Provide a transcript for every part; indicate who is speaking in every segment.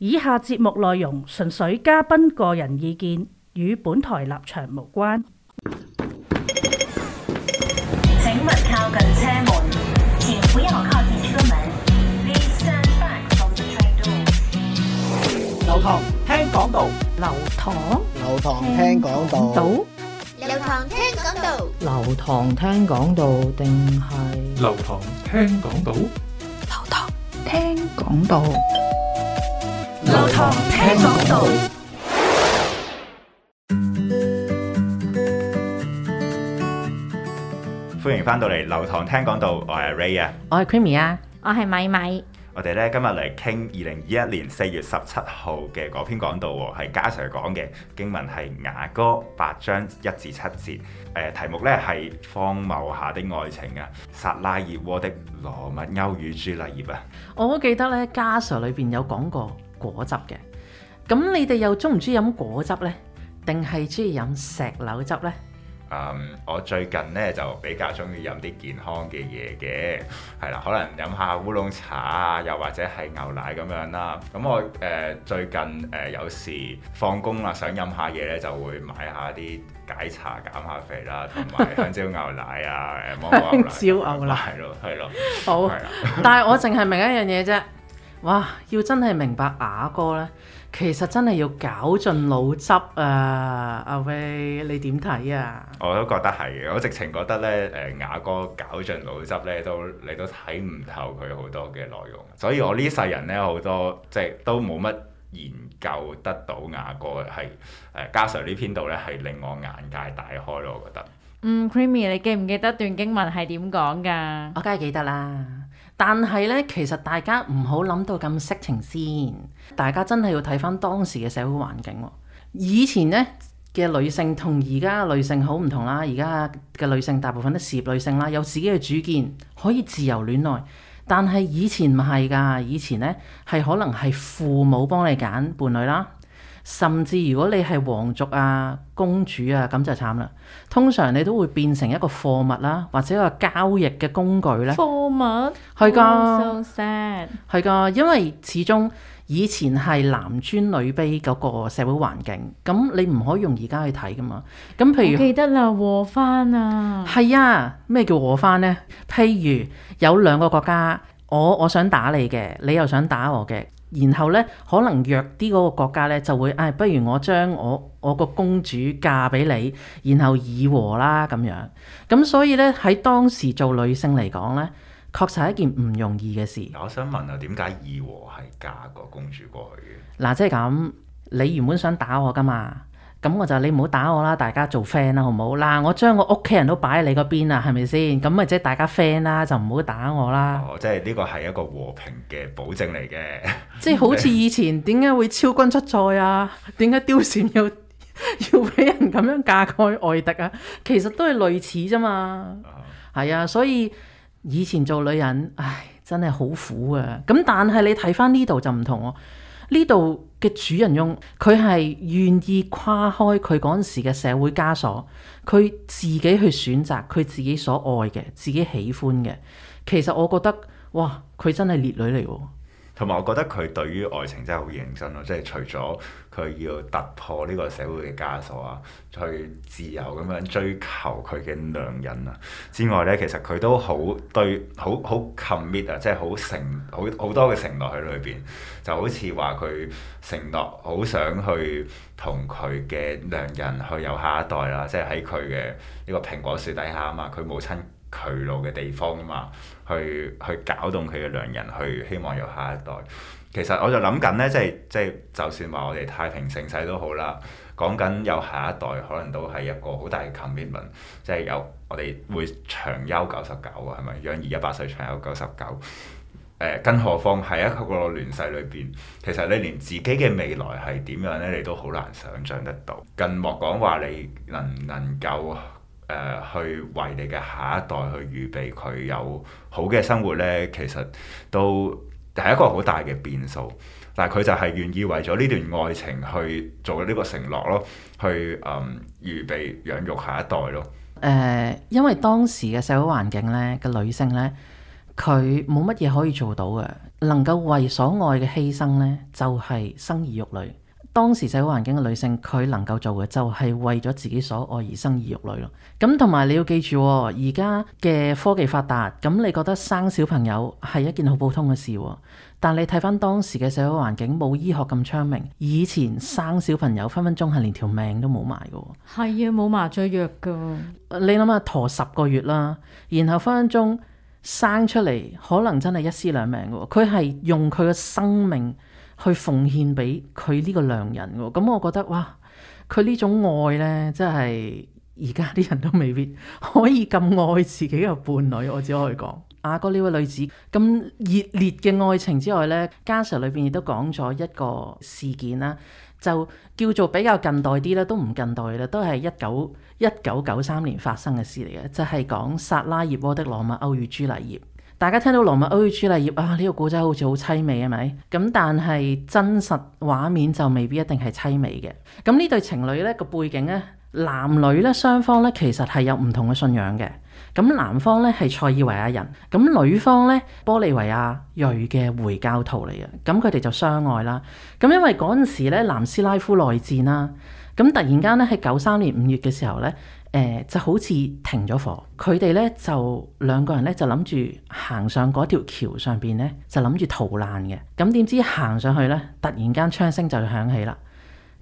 Speaker 1: 以下節目內容純粹嘉賓個人意見，與本台立場無關。
Speaker 2: 請勿靠近車門，請不要靠近車門。
Speaker 3: 流堂聽講道，流堂流堂聽講道，到
Speaker 1: 流堂聽講道，流堂聽講道定係流堂聽講道，流堂聽講道。
Speaker 2: 流
Speaker 4: 堂聽講道，歡迎翻到嚟，流堂聽講道。我係 Ray 啊，
Speaker 3: 我係 Creamy 啊，我係米米。
Speaker 4: 我哋咧今日嚟傾二零二一年四月十七號嘅嗰篇講道，係嘉 Sir 講嘅，經文係雅歌八章一至七節。誒、呃，題目咧係荒謬下的愛情，薩的啊，薩拉熱窩的羅密歐與茱麗葉啊。
Speaker 1: 我好記得咧，嘉 Sir 裏邊有講過。果汁嘅，咁你哋又鍾唔鍾意飲果汁呢？定係鍾意飲石榴汁呢？誒
Speaker 4: ，um, 我最近呢，就比較鍾意飲啲健康嘅嘢嘅，係啦，可能飲下烏龍茶啊，又或者係牛奶咁樣啦、啊。咁我誒、呃、最近誒、呃、有時放工啦，想飲下嘢呢，就會買下啲解茶減下肥啦，同埋香蕉牛奶啊，誒芒果香蕉牛奶，係咯係咯， 好的。
Speaker 1: 但係我淨係明一樣嘢啫。哇！要真係明白雅歌咧，其實真係要絞盡腦汁啊！阿威，你點睇啊？
Speaker 4: 我都覺得係嘅，我直情覺得咧，誒雅歌絞盡腦汁咧，都你都睇唔透佢好多嘅內容。所以我呢世人咧好多，即係都冇乜研究得到雅歌係誒。加上呢篇度咧，係令我眼界大開咯，我覺得。
Speaker 3: 嗯，Creamy，你記唔記得段經文係點講㗎？我梗係記得啦。但係咧，其實大家
Speaker 1: 唔好諗到咁色情先。大家真係要睇翻當時嘅社會環境喎。以前呢嘅女性同而家嘅女性好唔同啦。而家嘅女性大部分都事業女性啦，有自己嘅主見，可以自由戀愛。但係以前唔係㗎，以前呢係可能係父母幫你揀伴侶啦。甚至如果你係皇族啊、公主啊，咁就慘啦。通常你都會變成一個貨物啦、啊，或者一個交易嘅工具咧。貨物係噶，係噶的，因為始終以前係男尊女卑嗰個社會環境，咁你唔可以用而家去睇噶嘛。咁譬如記
Speaker 3: 得啦，和番啊，係
Speaker 1: 啊，咩叫和番呢？譬如有兩個國家，我我想打你嘅，你又想打我嘅。然後咧，可能弱啲嗰個國家咧就會，唉、哎，不如我將我我個公主嫁俾你，然後以和啦咁樣。咁所以咧，喺當時做女性嚟講咧，確實係一件唔容易嘅事。
Speaker 4: 我想問啊，點解以和係嫁個公主過去嘅？
Speaker 1: 嗱、啊，即係咁，你原本想打我噶嘛？咁我就話你唔好打我啦，大家做 friend 啦，好唔好？嗱、啊，我將我屋企人都擺喺你嗰邊啊，係咪先？咁咪即係大家 friend 啦，就唔好打
Speaker 4: 我啦。哦，即係呢個係一個和平嘅保證嚟嘅。即係好似以
Speaker 1: 前，點解 會昭君出塞啊？點解貂蟬要要俾人咁樣嫁蓋外敵啊？其實都係類似啫嘛。係 啊，所以以前做女人，唉，真係好苦啊。咁但係你睇翻呢度就唔同哦，呢度。嘅主人翁，佢係願意跨開佢嗰陣時嘅社會枷鎖，佢自己去選擇佢自己所愛嘅、自己喜歡嘅。其實我覺得，哇！佢真係烈女嚟喎。
Speaker 4: 同埋我覺得佢對於愛情真係好認真咯，即係除咗佢要突破呢個社會嘅枷鎖啊，去自由咁樣追求佢嘅良人啊之外咧，其實佢都好對好好 commit 啊，com mit，即係好承好好多嘅承諾喺裏邊，就好似話佢承諾好想去同佢嘅良人去有下一代啦，即係喺佢嘅呢個蘋果樹底下啊嘛，佢母親劬勞嘅地方啊嘛。去去搞動佢嘅良人，去希望有下一代。其實我就諗緊呢，即係即係，就係，就算話我哋太平盛世都好啦，講緊有下一代，可能都係一個好大嘅 commitment，即係有我哋會長休九十九啊，係咪？養兒一百歲，長休九十九。誒，更何況係一個亂世裏邊，其實你連自己嘅未來係點樣呢？你都好難想像得到。更莫講話你能唔能夠？誒、呃、去為你嘅下一代去預備佢有好嘅生活咧，其實都係一個好大嘅變數。但係佢就係願意為咗呢段愛情去做呢個承諾咯，去誒、呃、預備養育下一代咯。
Speaker 1: 誒、呃，因為當時嘅社會環境咧，嘅女性咧，佢冇乜嘢可以做到嘅，能夠為所愛嘅犧牲咧，就係、是、生兒育女。當時社會環境嘅女性，佢能夠做嘅就係為咗自己所愛而生兒育女咯。咁同埋你要記住，而家嘅科技發達，咁你覺得生小朋友係一件好普通嘅事。但你睇翻當時嘅社會環境，冇醫學咁昌明，以前生小朋友分分鐘係連條命都冇埋嘅。
Speaker 3: 係啊，冇麻
Speaker 1: 醉藥噶。你諗下，陀十個月啦，然後分分鐘生出嚟，可能真係一屍兩命嘅。佢係用佢嘅生命。去奉獻俾佢呢個良人喎、哦，咁、嗯、我覺得哇，佢呢種愛呢，真係而家啲人都未必可以咁愛自己嘅伴侶，我只可以講。阿、啊、歌呢位女子咁熱烈嘅愛情之外呢，雅歌裏邊亦都講咗一個事件啦，就叫做比較近代啲咧，都唔近代啦，都係一九一九九三年發生嘅事嚟嘅，就係講薩拉熱窩的羅密歐與茱麗葉。大家聽到羅密歐與茱麗葉啊，呢個故仔好似好凄美係咪？咁但係真實畫面就未必一定係凄美嘅。咁呢對情侶咧，個背景咧，男女咧雙方咧其實係有唔同嘅信仰嘅。咁男方咧係塞爾維亞人，咁女方咧玻利維亞裔嘅回教徒嚟嘅。咁佢哋就相愛啦。咁因為嗰陣時咧南斯拉夫內戰啦、啊。咁突然間咧，喺九三年五月嘅時候咧，誒、呃、就好似停咗火。佢哋咧就兩個人咧就諗住行上嗰條橋上邊咧，就諗住逃難嘅。咁點知行上去咧，突然間槍聲就響起啦。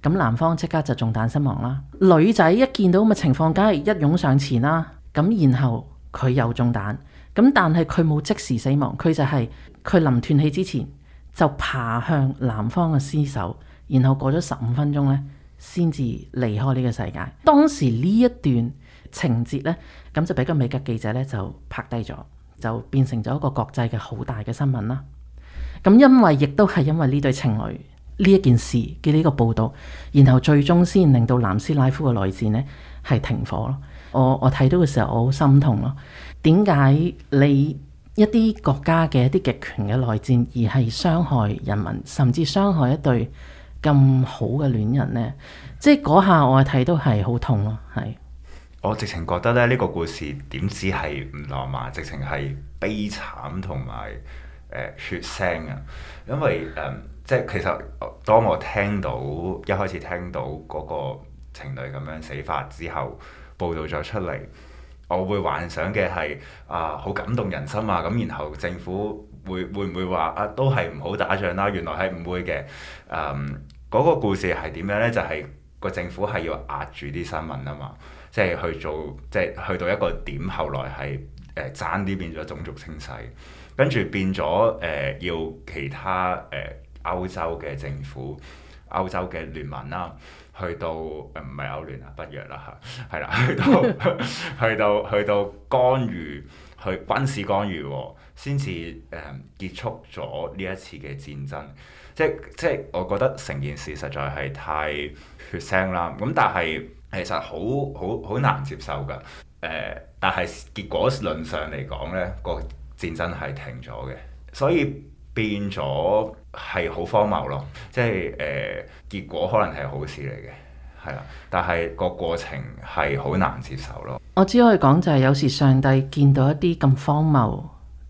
Speaker 1: 咁男方即刻就中彈身亡啦。女仔一見到咁嘅情況，梗係一擁上前啦。咁然後佢又中彈。咁但係佢冇即時死亡，佢就係佢臨斷氣之前就爬向男方嘅屍首。然後過咗十五分鐘咧，先至離開呢個世界。當時呢一段情節呢，咁就俾個美國記者呢，就拍低咗，就變成咗一個國際嘅好大嘅新聞啦。咁因為亦都係因為呢對情侶呢一件事嘅呢個報導，然後最終先令到南斯拉夫嘅內戰呢係停火咯。我我睇到嘅時候，我好心痛咯。點解你一啲國家嘅一啲極權嘅內戰，而係傷害人民，甚至傷害一對咁好嘅戀人呢，即係嗰下我睇都係好痛咯、啊，係
Speaker 4: 我直情覺得咧呢、呢個故事點止係唔浪漫，直情係悲慘同埋誒血腥啊！因為誒、嗯，即係其實當我聽到一開始聽到嗰個情侶咁樣死法之後報道咗出嚟，我會幻想嘅係啊好感動人心啊！咁然後政府會會唔會話啊都係唔好打仗啦、啊？原來係唔會嘅，誒、嗯。嗰個故事係點樣咧？就係、是、個政府係要壓住啲新聞啊嘛，即係去做，即係去到一個點，後來係誒爭啲變咗種族清洗，跟住變咗誒、呃、要其他誒、呃、歐洲嘅政府、歐洲嘅聯盟啦，去到唔係、呃、歐聯啊，北約啦嚇，係啦，去到 去到去到干預。去軍事干預喎，先至誒結束咗呢一次嘅戰爭，即即我覺得成件事實在係太血腥啦。咁但係其實好好好難接受噶。誒、呃，但係結果論上嚟講咧，個戰爭係停咗嘅，所以變咗係好荒謬咯。即係誒、呃，結果可能係好事嚟嘅，係啦，但係個過程係好難接受咯。
Speaker 1: 我只可以講就係有時上帝見到一啲咁荒謬、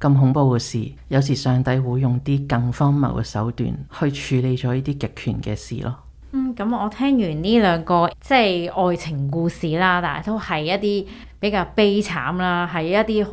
Speaker 1: 咁恐怖嘅事，有時上帝會用啲更荒謬嘅手段去處理咗呢啲極權嘅事咯。
Speaker 3: 嗯，咁我聽完呢兩個即係、就是、愛情故事啦，但係都係一啲比較悲慘啦，喺一啲好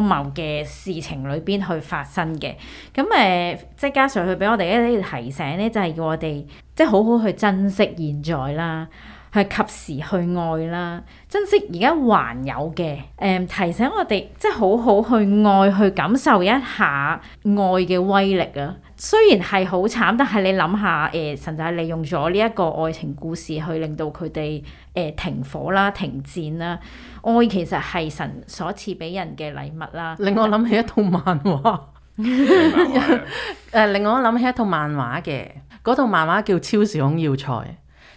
Speaker 3: 荒謬嘅事情裏邊去發生嘅。咁誒、呃，即係加上佢俾我哋一啲提醒咧，就係、是、要我哋即係好好去珍惜現在啦。係及時去愛啦，珍惜而家還有嘅誒、嗯，提醒我哋即係好好去愛，去感受一下愛嘅威力啊！雖然係好慘，但係你諗下誒，神就係利用咗呢一個愛情故事去令到佢哋誒停火啦、停戰啦。愛其實係神所賜俾人嘅禮物啦。令我諗起一套漫畫，誒令我諗起一套漫畫嘅嗰套漫
Speaker 1: 畫叫《超時空要塞》。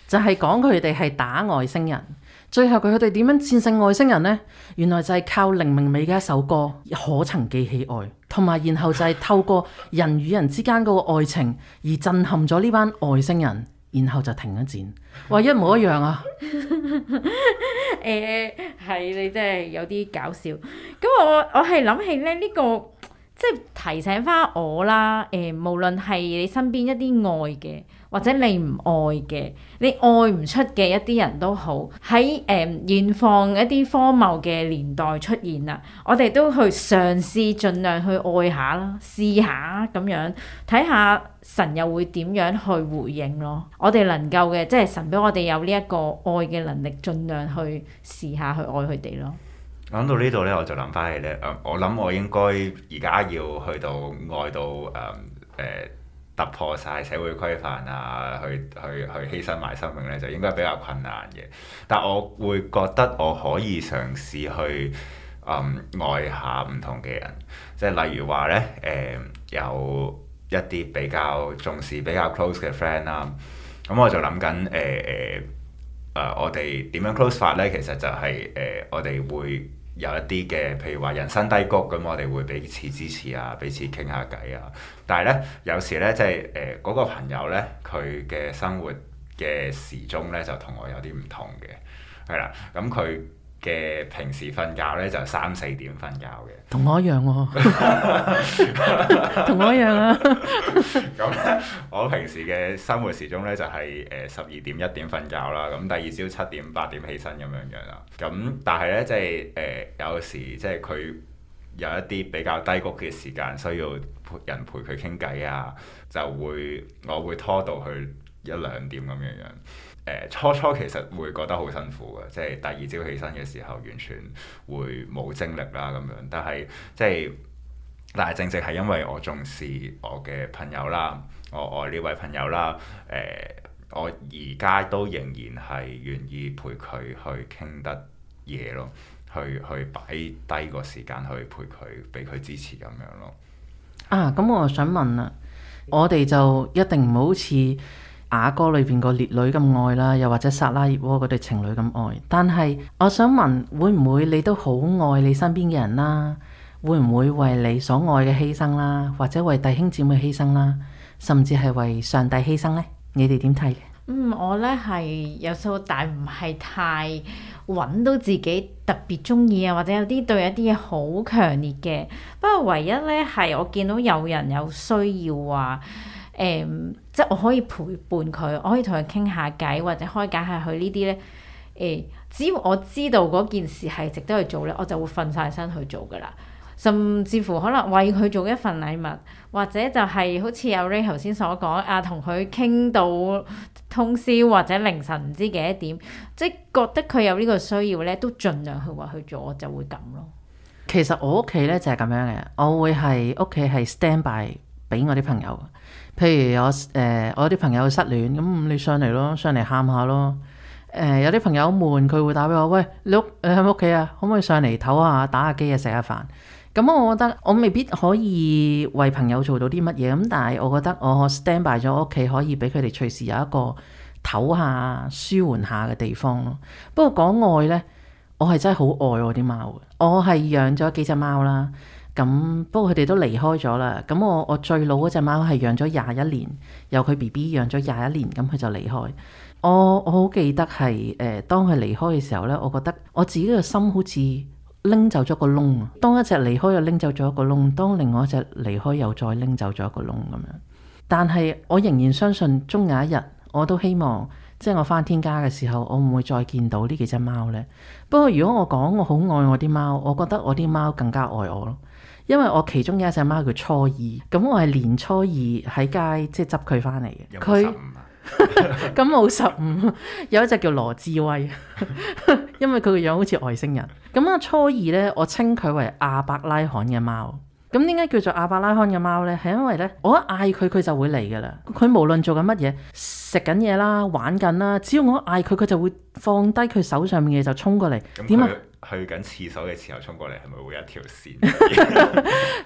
Speaker 1: 就係講佢哋係打外星人，最後佢佢哋點樣戰勝外星人呢？原來就係靠林明美嘅一首歌《可曾記起愛》，同埋然後就係透過人與人之間嗰個愛情而震撼咗呢班外星人，然後就停咗戰。哇，一模一樣啊！
Speaker 3: 誒、 欸，係你真係有啲搞笑。咁我我係諗起咧呢、這個。即係提醒翻我啦，誒、呃，無論係你身邊一啲愛嘅，或者你唔愛嘅，你愛唔出嘅一啲人都好，喺誒、呃、現況一啲荒謬嘅年代出現啦，我哋都去嘗試盡量去愛下啦，試下咁樣，睇下神又會點樣去回應咯。我哋能夠嘅，即係神俾我哋有呢一個愛嘅能力，盡量去試下去愛佢哋咯。
Speaker 4: 講到呢度咧，我就諗翻起咧，誒、呃，我諗我應該而家要去到愛到誒誒、嗯呃、突破晒社會規範啊，去去去犧牲埋生命咧，就應該比較困難嘅。但我會覺得我可以嘗試去誒、嗯、愛下唔同嘅人，即係例如話咧，誒、呃、有一啲比較重視比較 close 嘅 friend 啦、啊。咁、嗯、我就諗緊誒誒，啊、呃呃呃、我哋點樣 close 法咧？其實就係、是、誒、呃、我哋會。有一啲嘅，譬如話人生低谷咁，我哋會彼此支持啊，彼此傾下偈啊。但係咧，有時咧，即係誒嗰個朋友咧，佢嘅生活嘅時鐘咧，就同我有啲唔同嘅，係啦，咁佢。嘅平時瞓覺咧就三四點瞓覺嘅，
Speaker 1: 同我一樣喎，
Speaker 4: 同我一樣
Speaker 1: 啊。
Speaker 2: 咁 咧、 啊
Speaker 4: 我平時嘅生活時鐘咧就係誒十二點一點瞓覺啦，咁第二朝七點八點起身咁樣樣啦。咁但係咧即係誒有時即係佢有一啲比較低谷嘅時間，需要人陪佢傾偈啊，就會我會拖到去一兩點咁樣樣。嗯、初初其實會覺得好辛苦嘅，即係第二朝起身嘅時候完全會冇精力啦咁樣。但係即係，但係正正係因為我重視我嘅朋友啦，我我呢位朋友啦，誒、欸，我而家都仍然係願意陪佢去傾得嘢咯，去去擺低個時間去陪佢，俾佢支持咁樣咯。
Speaker 1: 啊，咁、嗯、我想問啦，我哋就一定唔好似雅歌裏邊個烈女咁愛啦，又或者薩拉熱窩嗰對情侶咁愛，但係我想問，會唔會你都好愛你身邊嘅人啦、啊？會唔會為你所愛嘅犧牲啦、啊，或者為弟兄姊妹犧牲啦、啊，甚至係為上帝犧牲呢？你哋點睇？嗯，
Speaker 3: 我呢係由細到大唔係太搵到自己特別中意啊，或者有啲對一啲嘢好強烈嘅。不過唯一呢係我見到有人有需要話、啊，誒、嗯。即我可以陪伴佢，我可以同佢傾下偈，或者開解下佢呢啲咧。誒、欸，只要我知道嗰件事係值得去做咧，我就會瞓晒身去做㗎啦。甚至乎可能為佢做一份禮物，或者就係好似阿 Ray 頭先所講啊，同佢傾到通宵或者凌晨唔知幾多點，即係覺得佢有呢個需要咧，都盡量去話去做，我就會咁咯。
Speaker 1: 其實我屋企咧就係咁樣嘅，我會係屋企係 stand by。俾我啲朋友，譬如我誒、呃，我啲朋友失戀，咁你上嚟咯，上嚟喊下咯。誒、呃，有啲朋友悶，佢會打俾我，喂，你誒喺屋企啊，可唔可以上嚟唞下，打下機啊，食下飯。咁我覺得我未必可以為朋友做到啲乜嘢，咁但係我覺得我 stand by 咗屋企，可以俾佢哋隨時有一個唞下、舒緩下嘅地方咯。不過講愛咧，我係真係好愛我啲貓，我係養咗幾隻貓啦。咁不過佢哋都離開咗啦。咁我我最老嗰隻貓係養咗廿一年，由佢 BB 養咗廿一年，咁佢就離開。我我好記得係誒，當佢離開嘅時候咧，我覺得我自己嘅心好似拎走咗個窿啊！當一隻離開又拎走咗一個窿，當另外一隻離開又再拎走咗一個窿咁樣。但係我仍然相信，終有一日，我都希望即係、就是、我返天家嘅時候，我唔會再見到呢幾隻貓咧。不過如果我講我好愛我啲貓，我覺得我啲貓更加愛我咯。因為我其中有一隻貓叫初二，咁我係年初二喺街即係執佢翻嚟嘅。佢咁冇十五， 有, 15, 有一隻叫羅志威， 因為佢個樣好似外星人。咁啊初二呢，我稱佢為亞伯拉罕嘅貓。咁點解叫做亞伯拉罕嘅貓呢？係因為呢，我一嗌佢，佢就會嚟噶啦。佢無論做緊乜嘢，食緊嘢啦，玩緊啦，只要我嗌佢，佢就會放低佢手上面嘅嘢就衝過嚟。點啊他？
Speaker 4: 去緊廁所嘅時候衝過嚟，係咪會有一條線？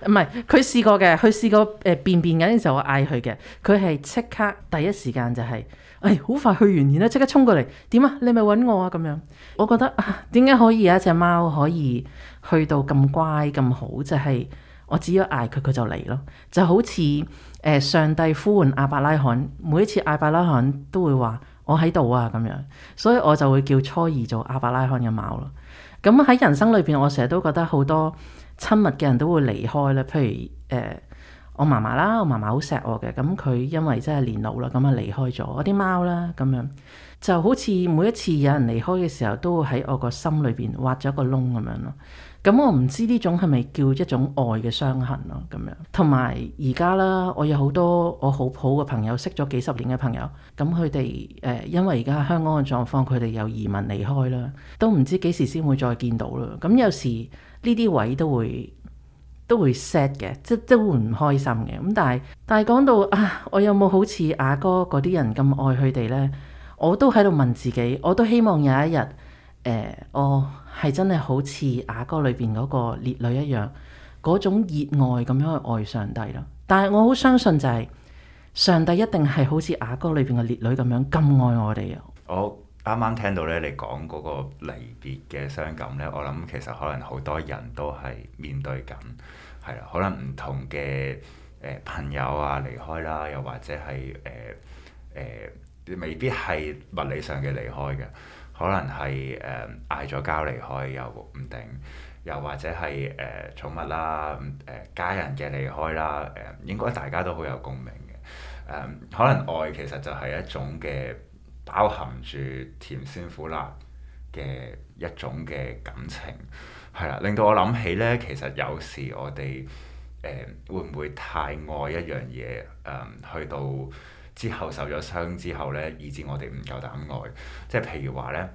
Speaker 1: 唔 係， 佢試過嘅，佢試過誒便便緊嘅時候我嗌佢嘅，佢係即刻第一時間就係、是，誒、哎、好快去完完啦，即刻衝過嚟，點啊？你係咪揾我啊？咁樣，我覺得啊，點解可以有、啊、一隻貓可以去到咁乖咁好？就係、是、我只要嗌佢，佢就嚟咯，就好似誒、呃、上帝呼喚亞伯拉罕，每一次亞伯拉罕都會話我喺度啊咁樣，所以我就會叫初二做亞伯拉罕嘅貓啦。咁喺人生裏邊，我成日都覺得好多親密嘅人都會離開啦。譬如誒、呃，我嫲嫲啦，我嫲嫲好錫我嘅，咁佢因為真係年老啦，咁啊離開咗。我啲貓啦，咁樣就好似每一次有人離開嘅時候，都會喺我心裡面個心裏邊挖咗個窿咁樣咯。咁、嗯、我唔知呢種係咪叫一種愛嘅傷痕咯，咁樣。同埋而家啦，我有好多我好普嘅朋友，識咗幾十年嘅朋友，咁佢哋誒因為而家香港嘅狀況，佢哋又移民離開啦，都唔知幾時先會再見到啦。咁、嗯嗯、有時呢啲位都會都會 sad 嘅，即即會唔開心嘅。咁、嗯、但係但係講到啊，我有冇好似阿哥嗰啲人咁愛佢哋呢？我都喺度問自己，我都希望有一日。誒，我係、哎哦、真係好似雅歌裏邊嗰個烈女一樣，嗰種熱愛咁樣去愛上帝咯。但係我好相信就係、是、上帝一定係好似雅歌裏邊嘅烈女咁樣咁愛我哋。我
Speaker 4: 啱啱聽到咧，你講嗰個離別嘅傷感咧，我諗其實可能好多人都係面對緊，係啦，可能唔同嘅誒、呃、朋友啊離開啦，又或者係誒誒未必係物理上嘅離開嘅。可能係誒嗌咗交離開又唔定，又或者係誒、呃、寵物啦、誒、呃、家人嘅離開啦，誒、呃、應該大家都好有共鳴嘅。誒、呃、可能愛其實就係一種嘅包含住甜酸苦辣嘅一種嘅感情，係啦。令到我諗起咧，其實有時我哋誒、呃、會唔會太愛一樣嘢誒去到，之後受咗傷之後咧，以至我哋唔夠膽愛。即係譬如話咧，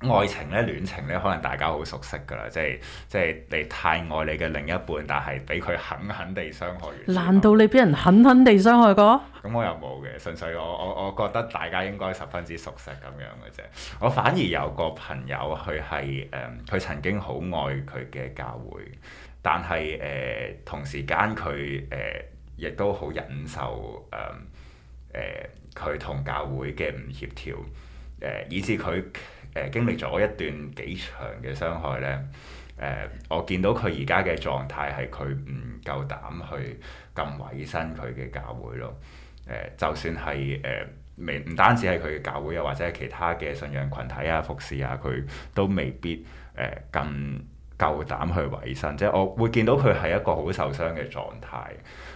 Speaker 4: 愛情咧、戀情咧，可能大家好熟悉噶啦。即係即係你太愛你嘅另一半，但係俾佢狠狠地傷害完。
Speaker 1: 難道你俾人狠狠地傷害過？
Speaker 4: 咁我又冇嘅，純粹我我我覺得大家應該十分之熟悉咁樣嘅啫。我反而有個朋友佢係誒，佢、呃、曾經好愛佢嘅教會，但係誒、呃、同時間佢誒、呃、亦都好忍受誒。呃誒，佢同、呃、教會嘅唔協調，誒、呃，以致佢誒經歷咗一段幾長嘅傷害咧。誒、呃，我見到佢而家嘅狀態係佢唔夠膽去咁委身佢嘅教會咯。誒、呃，就算係誒，未、呃、唔單止係佢嘅教會啊，或者係其他嘅信仰群體啊、服侍啊，佢都未必誒咁夠膽去委身。即係我會見到佢係一個好受傷嘅狀態。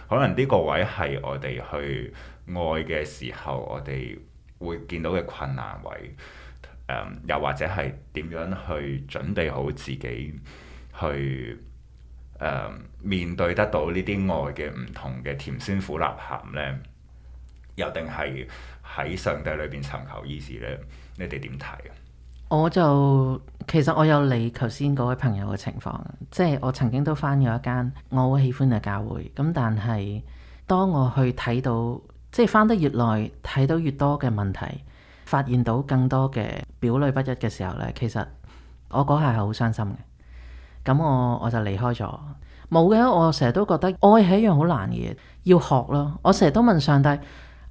Speaker 4: 可能呢個位係我哋去愛嘅時候，我哋會見到嘅困難位、嗯，又或者係點樣去準備好自己去、嗯、面對得到呢啲愛嘅唔同嘅甜酸苦辣鹹呢？又定係喺上帝裏邊尋求意思呢？你哋點睇啊？
Speaker 1: 我就其實我有你頭先嗰位朋友嘅情況，即係我曾經都翻咗一間我好喜歡嘅教會，咁但係當我去睇到。即係翻得越耐，睇到越多嘅問題，發現到更多嘅表裏不一嘅時候呢，其實我嗰下好傷心嘅。咁我我就離開咗。冇嘅，我成日都覺得愛係一樣好難嘅嘢，要學咯。我成日都問上帝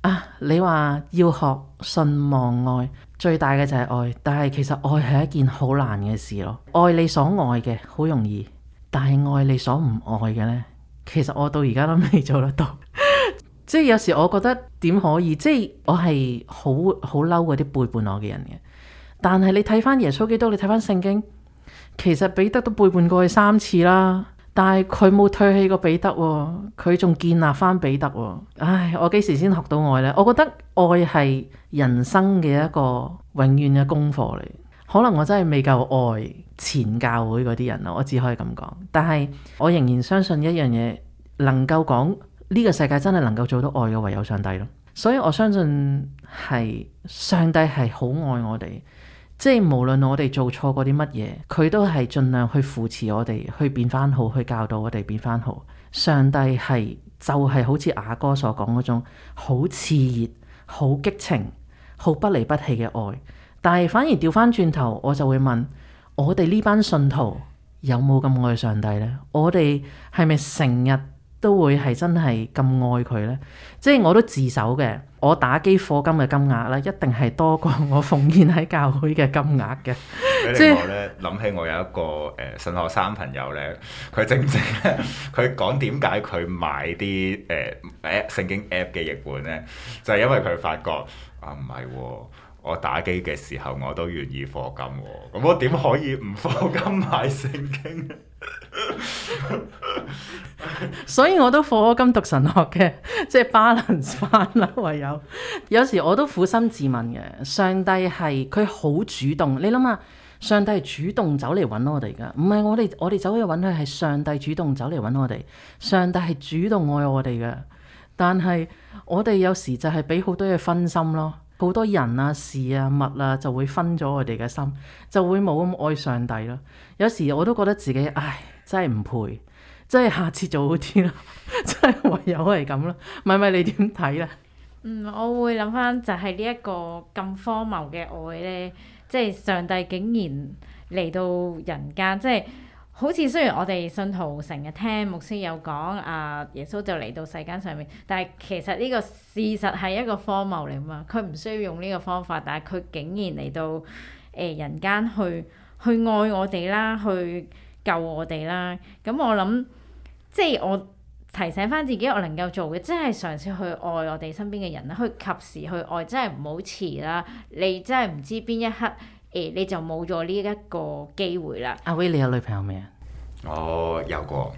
Speaker 1: 啊，你話要學信望愛，最大嘅就係愛。但係其實愛係一件好難嘅事咯。愛你所愛嘅好容易，但係愛你所唔愛嘅呢，其實我到而家都未做得到。即係有時我覺得點可以？即係我係好好嬲嗰啲背叛我嘅人嘅。但係你睇翻耶穌基督，你睇翻聖經，其實彼得都背叛過佢三次啦。但係佢冇退棄過彼得喎，佢仲建立翻彼得喎。唉，我幾時先學到愛呢？我覺得愛係人生嘅一個永遠嘅功課嚟。可能我真係未夠愛前教會嗰啲人咯。我只可以咁講。但係我仍然相信一樣嘢，能夠講。呢個世界真係能夠做到愛嘅，唯有上帝咯。所以我相信係上帝係好愛我哋，即係無論我哋做錯過啲乜嘢，佢都係盡量去扶持我哋，去變翻好，去教導我哋變翻好。上帝係就係、是、好似雅歌所講嗰種好熾熱、好激情、好不離不棄嘅愛。但係反而調翻轉頭，我就會問我哋呢班信徒有冇咁愛上帝呢？我哋係咪成日，都會係真係咁愛佢咧，即係我都自首嘅，我打機課金嘅金額咧，一定係多過我奉獻喺教會嘅金額嘅。
Speaker 4: 即係我咧諗起我有一個誒信學生朋友咧，佢正正咧，佢講點解佢買啲誒誒聖經 APP 嘅譯本咧，就係因為佢發覺啊唔係喎。我打機嘅時候，我都願意課金，哦，咁我點可以唔課金買聖經？ 所以我
Speaker 1: 都課金讀神學嘅，即係平衡一下啦。唯 有有時我都苦心自問嘅，上帝係佢好主動，你諗下，上帝，上帝主動走嚟揾我哋噶，唔係我哋我哋走去揾佢，係上帝主動走嚟揾我哋。上帝係主動愛我哋嘅，但係我哋有時就係俾好多嘢分心咯。好多人啊、事啊、物啊，就會分咗我哋嘅心，就會冇咁愛上帝咯。有時我都覺得自己唉，真係唔配，真係下次做好啲啦，真係唯有係咁啦。係咪，你點睇咧？嗯，
Speaker 3: 我會諗翻就係呢一個咁荒謬嘅愛咧，即係上帝竟然嚟到人間，即係。好似雖然我哋信徒成日聽牧師有講，啊耶穌就嚟到世間上面，但係其實呢個事實係一個荒謬嚟嘛，佢唔需要用呢個方法，但係佢竟然嚟到誒呃人間去去愛我哋啦，去救我哋啦。咁我諗，即係我提醒翻自己，我能夠做嘅，即係嘗試去愛我哋身邊嘅人啦，去及時去愛，真係唔好遲啦。你真係唔知邊一刻。誒、哎，你就冇咗呢一個機會啦。
Speaker 1: 阿威，你有女朋友未啊？
Speaker 4: 我、哦、有個，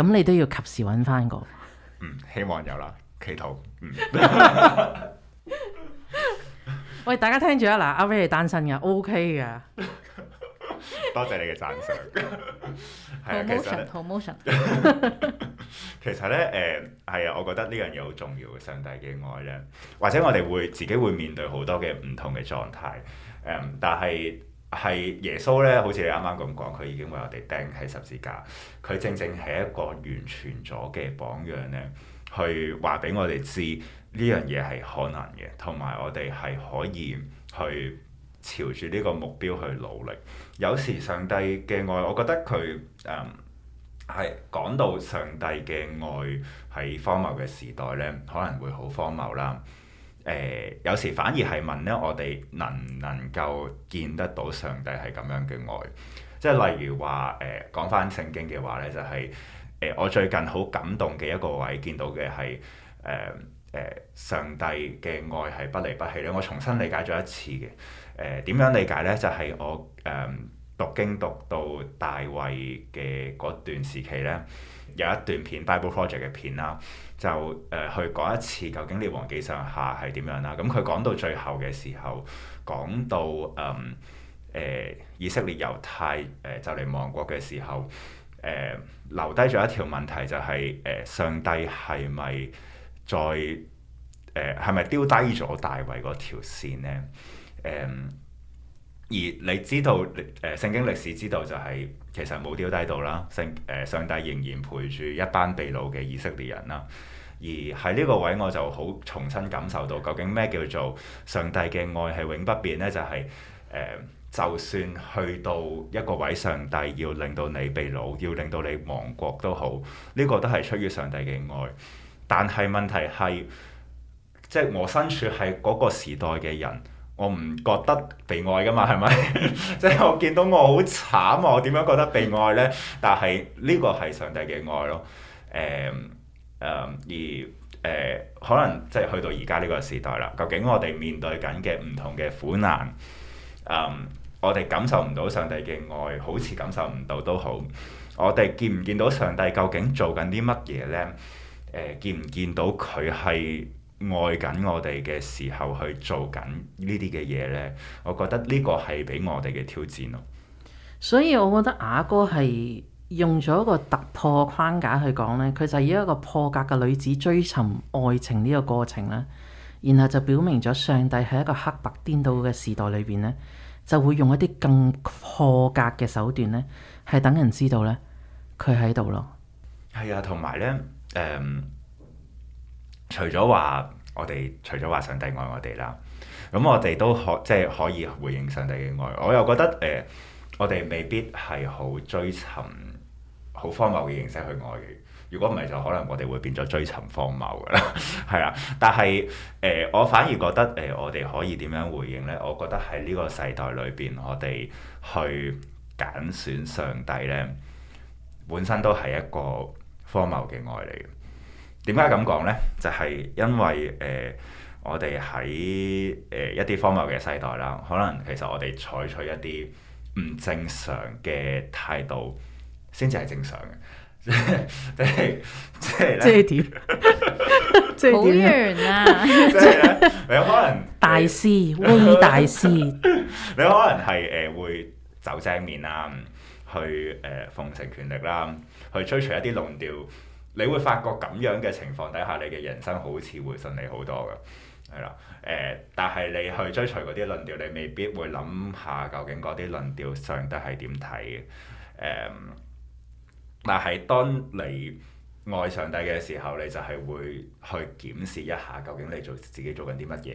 Speaker 1: 咁你都要及時搵翻
Speaker 4: 個。嗯，希望有啦，祈禱。嗯。
Speaker 1: 喂，大家聽住啊，嗱，阿威你單身噶，OK 噶。
Speaker 4: 多謝你嘅讚賞。係啊，其實呢。promotion。 其實咧，誒、呃，係啊，我覺得呢樣嘢好重要，上帝嘅愛咧，或者我哋會自己會面對好多嘅唔同嘅狀態。但係係耶穌咧，好似你啱啱咁講，佢已經為我哋釘喺十字架，佢正正係一個完全咗嘅榜樣咧，去話俾我哋知呢樣嘢係可能嘅，同埋我哋係可以去朝住呢個目標去努力。有時上帝嘅愛，我覺得佢誒係講到上帝嘅愛喺荒謬嘅時代咧，可能會好荒謬啦。誒、呃、有時反而係問咧，我哋能唔能夠見得到上帝係咁樣嘅愛？即係例如、呃、話誒講返聖經嘅話咧，就係、是、誒、呃、我最近好感動嘅一個位見到嘅係誒誒上帝嘅愛係不離不棄咧。我重新理解咗一次嘅誒點樣理解咧？就係、是、我誒、呃、讀經讀到大衛嘅嗰段時期咧，有一段片 Bible Project 嘅片啦。就誒去講一次，究竟列王記上下係點樣啦？咁佢講到最後嘅時候，講到誒誒、嗯呃、以色列猶太誒就嚟亡國嘅時候，誒、呃、留低咗一條問題、就是，就係誒上帝係咪再誒係咪丟低咗大衛嗰條線呢、呃？而你知道誒、呃、聖經歷史知道就係、是、其實冇丟低到啦，聖誒上帝仍然陪住一班被擄嘅以色列人啦。而喺呢個位，我就好重新感受到究竟咩叫做上帝嘅愛係永不變呢，就係、是、誒、呃，就算去到一個位，上帝要令到你被擄，要令到你亡國都好，呢、這個都係出於上帝嘅愛。但係問題係，即係我身處係嗰個時代嘅人，我唔覺得被愛噶嘛，係咪？ 即係我見到我好慘、啊，我點樣覺得被愛呢？但係呢、這個係上帝嘅愛咯，誒、呃。誒、um，而誒、呃、可能即係去到而家呢個時代啦，究竟我哋面對緊嘅唔同嘅苦難，嗯、我哋感受唔到上帝嘅愛，好似感受唔到都好，我哋見唔見到上帝究竟做緊啲乜嘢呢？誒、呃、見唔見到佢係愛緊我哋嘅時候去做緊呢啲嘅嘢呢？我覺得呢個係俾我哋嘅挑戰咯。
Speaker 1: 所以，我覺得雅歌係。用咗一個突破框架去講呢，佢就以一個破格嘅女子追尋愛情呢個過程啦，然後就表明咗上帝喺一個黑白顛倒嘅時代裏邊呢，就會用一啲更破格嘅手段呢，係等人知道呢，佢喺度咯。
Speaker 4: 係啊，同埋呢，誒、嗯，除咗話我哋，除咗話上帝愛我哋啦，咁我哋都可即係、就是、可以回應上帝嘅愛。我又覺得誒、呃，我哋未必係好追尋。好荒謬嘅形式去愛嘅，如果唔係就可能我哋會變咗追尋荒謬㗎啦，係 啊！但係誒、呃，我反而覺得誒、呃，我哋可以點樣回應呢？我覺得喺呢個世代裏邊，我哋去揀選上帝呢，本身都係一個荒謬嘅愛嚟嘅。點解咁講呢？就係、是、因為誒、呃，我哋喺誒一啲荒謬嘅世代啦，可能其實我哋採取一啲唔正常嘅態度。先至係正常嘅， 即係即係、即係即係即係點？ 好遠啊 呢！即係 你可能大
Speaker 2: 師威大師，
Speaker 4: 你可能係誒、呃、會走正面啦，去誒、呃、奉承權力啦，去追隨一啲論調。你會發覺咁樣嘅情況底下，你嘅人生好似會順利好多嘅，係啦。誒、呃，但係你去追隨嗰啲論調，你未必會諗下究竟嗰啲論調上帝係點睇嘅誒？呃但係當你愛上帝嘅時候，你就係會去檢視一下，究竟你做自己做緊啲乜嘢？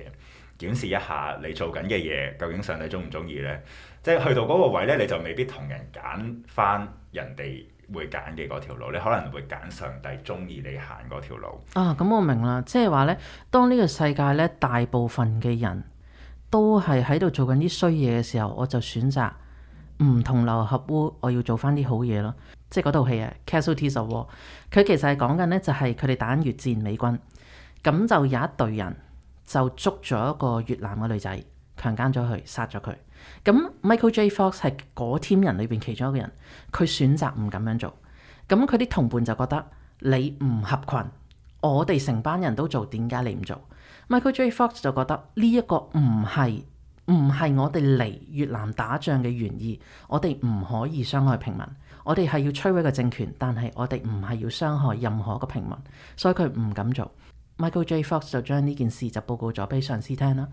Speaker 4: 檢視一下你做緊嘅嘢，究竟上帝鍾唔鍾意呢？即係去到嗰個位呢，你就未必同人揀返人哋會揀嘅嗰條路，你可能會揀上帝鍾意你行嗰條路。
Speaker 1: 啊，咁我明啦，即係話呢，當呢個世界呢，大部分嘅人都係喺度做緊啲衰嘢嘅時候，我就選擇。唔同流合污，我要做翻啲好嘢咯。即係嗰套戲啊，《Casualties of War》，佢其實係講緊呢，就係佢哋打越戰美軍。咁就有一隊人就捉咗一個越南嘅女仔，強姦咗佢，殺咗佢。咁 Michael J Fox 係嗰 team 人裏邊其中一個人，佢選擇唔咁樣做。咁佢啲同伴就覺得你唔合群，我哋成班人都做，點解你唔做？Michael J Fox 就覺得呢一、個唔係，唔係我哋嚟越南打仗嘅原意，我哋唔可以傷害平民，我哋係要摧毀個政權，但係我哋唔係要傷害任何一個平民，所以佢唔敢做。Michael J. Fox 就將呢件事就報告咗俾上司聽啦。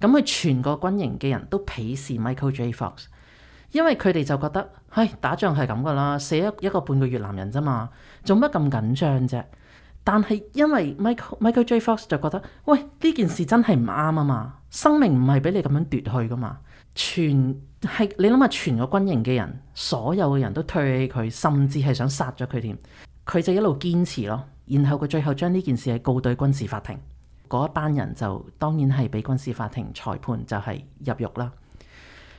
Speaker 1: 咁佢全個軍營嘅人都鄙視 Michael J. Fox，因為佢哋就覺得，唉，打仗係咁噶啦，死咗一個半個越南人咋嘛，做乜咁緊張啫？但係因為 Michael, Michael J. Fox 就覺得，喂，呢件事真係唔啱啊嘛，生命唔係俾你咁樣奪去噶嘛，全係你諗下全個軍營嘅人，所有嘅人都唾棄佢，甚至係想殺咗佢添，佢就一路堅持咯。然後佢最後將呢件事係告對軍事法庭，嗰一班人就當然係俾軍事法庭裁判就係入獄啦。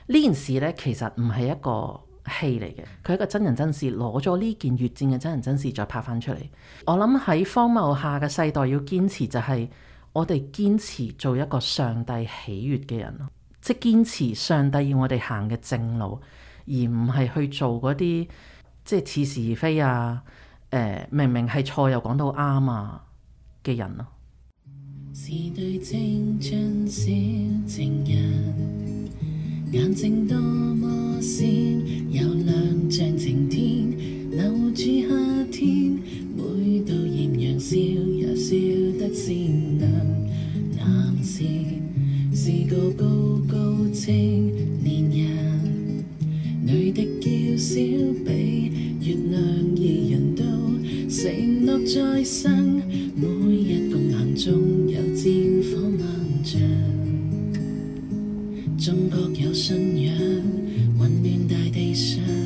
Speaker 1: 呢件事呢，其實唔係一個。戲嚟嘅，佢 係一個真人真事，攞咗呢件越戰嘅真人真事再拍翻出嚟。我諗喺荒謬下嘅世代要堅持，就係我哋堅持做一個上帝喜悅嘅人咯，即係堅持上帝要我哋行嘅正路，而唔係去做嗰啲即係似是而非啊，誒、呃，明明係錯又講到啱啊嘅人咯。
Speaker 2: 是對眼睛多麼閃，又亮像晴天，留住夏天。每道艷陽笑，也笑得善良。男是是個高高青年人，女的嬌小比，月亮二人都承諾在生。每日共行縱有戰火漫長。中國有信仰，溫暖大地上。